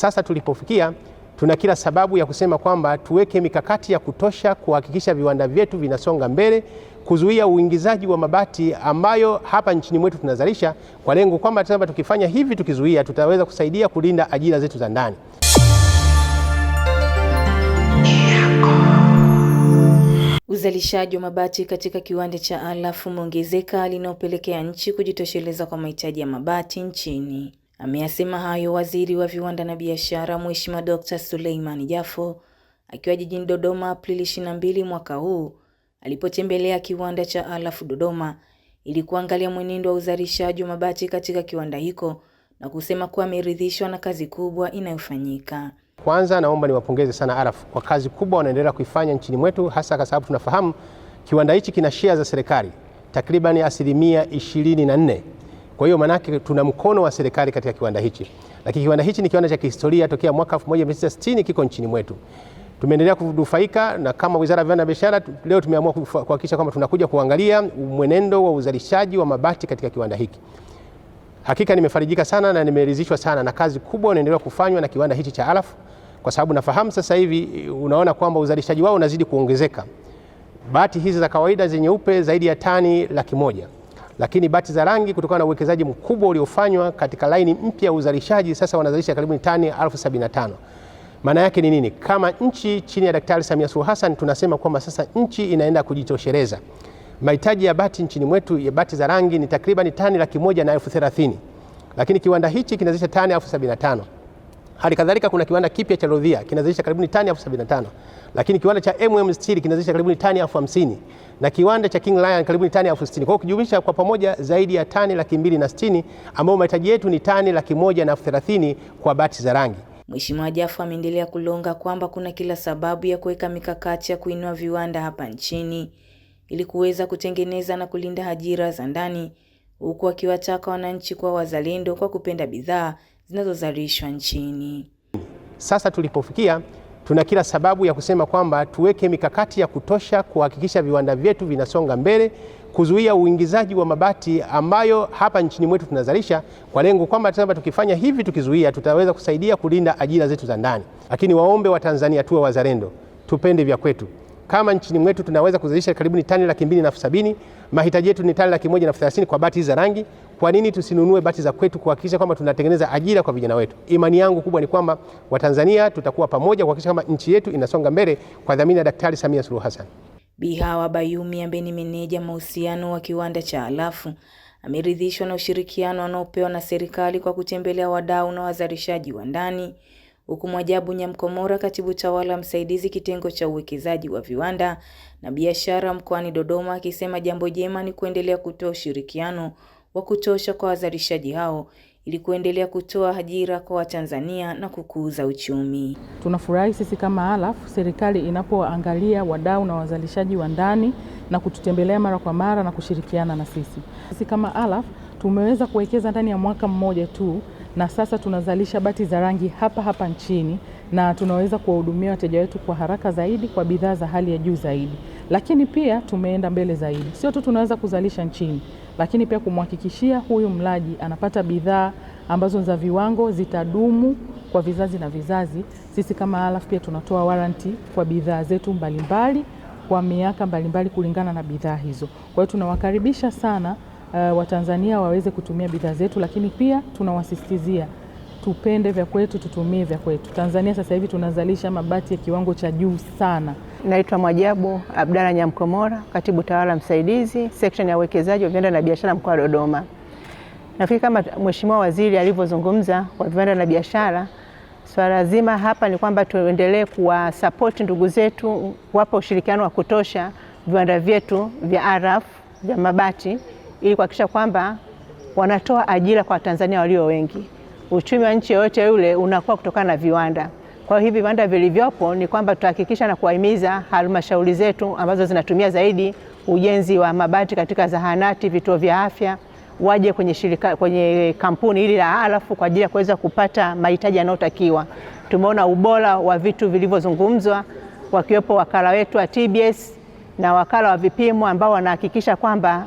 Sasa tulipofikia tuna kila sababu ya kusema kwamba tuweke mikakati ya kutosha kuhakikisha viwanda vyetu vinasonga mbele, kuzuia uingizaji wa mabati ambayo hapa nchini mwetu tunazalisha, kwa lengo kwamba sasa tukifanya hivi, tukizuia, tutaweza kusaidia kulinda ajira zetu za ndani. Uzalishaji wa mabati katika kiwanda cha Alafu umeongezeka, linaopelekea nchi kujitosheleza kwa mahitaji ya mabati nchini. Ameyasema hayo waziri wa viwanda na biashara Mheshimiwa dr Suleiman Jafo akiwa jijini Dodoma Aprili 22 mwaka huu alipotembelea kiwanda cha Alafu Dodoma ili kuangalia mwenendo wa uzalishaji wa mabati katika kiwanda hicho na kusema kuwa ameridhishwa na kazi kubwa inayofanyika. Kwanza naomba niwapongeze sana Alafu kwa kazi kubwa wanaendelea kuifanya nchini mwetu, hasa kwa sababu tunafahamu kiwanda hichi kina shea za serikali takriban asilimia 24. Kwa hiyo manake tuna mkono wa serikali katika kiwanda hichi, lakini kiwanda hichi ni kiwanda cha kihistoria tokea mwaka 1960 kiko nchini mwetu. Tumeendelea kunufaika na kama Wizara ya Viwanda na Biashara leo tumeamua kuhakikisha kwamba tunakuja kuangalia mwenendo wa uzalishaji wa mabati katika kiwanda hiki. Hakika nimefarijika sana na nimeridhishwa sana na kazi kubwa inaendelea kufanywa na kiwanda hichi cha Alafu, kwa sababu nafahamu sasa hivi eh, unaona kwamba uzalishaji wao unazidi kuongezeka. Bati hizi za kawaida zenye upe zaidi ya tani laki moja lakini bati za rangi, kutokana na uwekezaji mkubwa uliofanywa katika laini mpya ya uzalishaji, sasa wanazalisha karibu tani 1075. Maana yake ni nini? Kama nchi chini ya Daktari Samia Suluhu Hassan tunasema kwamba sasa nchi inaenda kujitosheleza. Mahitaji ya bati nchini mwetu ya bati za rangi ni takriban tani laki moja na elfu thelathini, lakini kiwanda hichi kinazalisha tani elfu sabini na tano. Hali kadhalika kuna kiwanda kipya cha Lodhia kinazalisha karibuni tani elfu sabini na tano lakini kiwanda cha MM Steel kinazalisha karibu tani elfu hamsini na kiwanda cha King Lion karibu tani elfu sitini Kwa hiyo kwa pamoja zaidi ya tani laki mbili na sitini ambayo mahitaji yetu ni tani laki moja na elfu thelathini kwa bati za rangi. Mheshimiwa Jafo ameendelea kulonga kwamba kuna kila sababu ya kuweka mikakati ya kuinua viwanda hapa nchini ili kuweza kutengeneza na kulinda ajira za ndani huku akiwataka wananchi kuwa wazalendo kwa kupenda bidhaa zinazozalishwa nchini. Sasa tulipofikia, tuna kila sababu ya kusema kwamba tuweke mikakati ya kutosha kuhakikisha viwanda vyetu vinasonga mbele, kuzuia uingizaji wa mabati ambayo hapa nchini mwetu tunazalisha, kwa lengo kwamba tunasema tukifanya hivi, tukizuia, tutaweza kusaidia kulinda ajira zetu za ndani. Lakini waombe wa tanzania tuwe wazalendo, tupende vya kwetu kama nchini mwetu tunaweza kuzalisha karibu ni tani laki mbili na elfu sabini mahitaji yetu ni tani laki moja na elfu thelathini kwa bati za rangi. Kwa nini tusinunue bati za kwetu kuhakikisha kwamba tunatengeneza ajira kwa vijana wetu? Imani yangu kubwa ni kwamba Watanzania tutakuwa pamoja kuhakikisha kwamba nchi yetu inasonga mbele kwa dhamini ya Daktari Samia Suluhu Hassan. Bihawa Bayumi ambaye ni meneja mahusiano wa kiwanda cha alafu ameridhishwa na ushirikiano anaopewa na serikali kwa kutembelea wadau na wazalishaji wa ndani huku Mwajabu Nyamkomora, katibu tawala msaidizi kitengo cha uwekezaji wa viwanda na biashara mkoani Dodoma, akisema jambo jema ni kuendelea kutoa ushirikiano wa kutosha kwa wazalishaji hao ili kuendelea kutoa ajira kwa Watanzania na kukuza uchumi. Tunafurahi sisi kama alaf serikali inapoangalia wadau na wazalishaji wa ndani na kututembelea mara kwa mara na kushirikiana na sisi. Sisi kama ALAF tumeweza kuwekeza ndani ya mwaka mmoja tu na sasa tunazalisha bati za rangi hapa hapa nchini na tunaweza kuwahudumia wateja wetu kwa haraka zaidi kwa bidhaa za hali ya juu zaidi. Lakini pia tumeenda mbele zaidi, sio tu tunaweza kuzalisha nchini, lakini pia kumhakikishia huyu mlaji anapata bidhaa ambazo za viwango zitadumu kwa vizazi na vizazi. Sisi kama Alaf pia tunatoa waranti kwa bidhaa zetu mbalimbali kwa miaka mbalimbali kulingana na bidhaa hizo. Kwa hiyo tunawakaribisha sana uh, Watanzania waweze kutumia bidhaa zetu, lakini pia tunawasisitizia tupende vya kwetu, tutumie vya kwetu. Tanzania sasa hivi tunazalisha mabati ya kiwango cha juu sana. Naitwa Mwajabu Abdalla Nyamkomora, katibu tawala msaidizi section ya uwekezaji wa viwanda na biashara mkoa wa Dodoma. Nafikiri kama mheshimiwa waziri alivyozungumza kwa viwanda na biashara, swala zima hapa ni kwamba tuendelee kuwasapoti ndugu zetu, kuwapa ushirikiano wa kutosha viwanda vyetu vya arafu vya mabati ili kuhakikisha kwamba wanatoa ajira kwa Tanzania walio wengi. Uchumi wa nchi yoyote yule unakuwa kutokana na viwanda. Kwa hiyo hivi viwanda vilivyopo ni kwamba tutahakikisha na kuwahimiza halmashauri zetu ambazo zinatumia zaidi ujenzi wa mabati katika zahanati, vituo vya afya waje kwenye, shirika, kwenye kampuni hili la Alafu kwa ajili ya kuweza kupata mahitaji yanayotakiwa. Tumeona ubora wa vitu vilivyozungumzwa wakiwepo wakala wetu wa TBS na wakala wa vipimo ambao wanahakikisha kwamba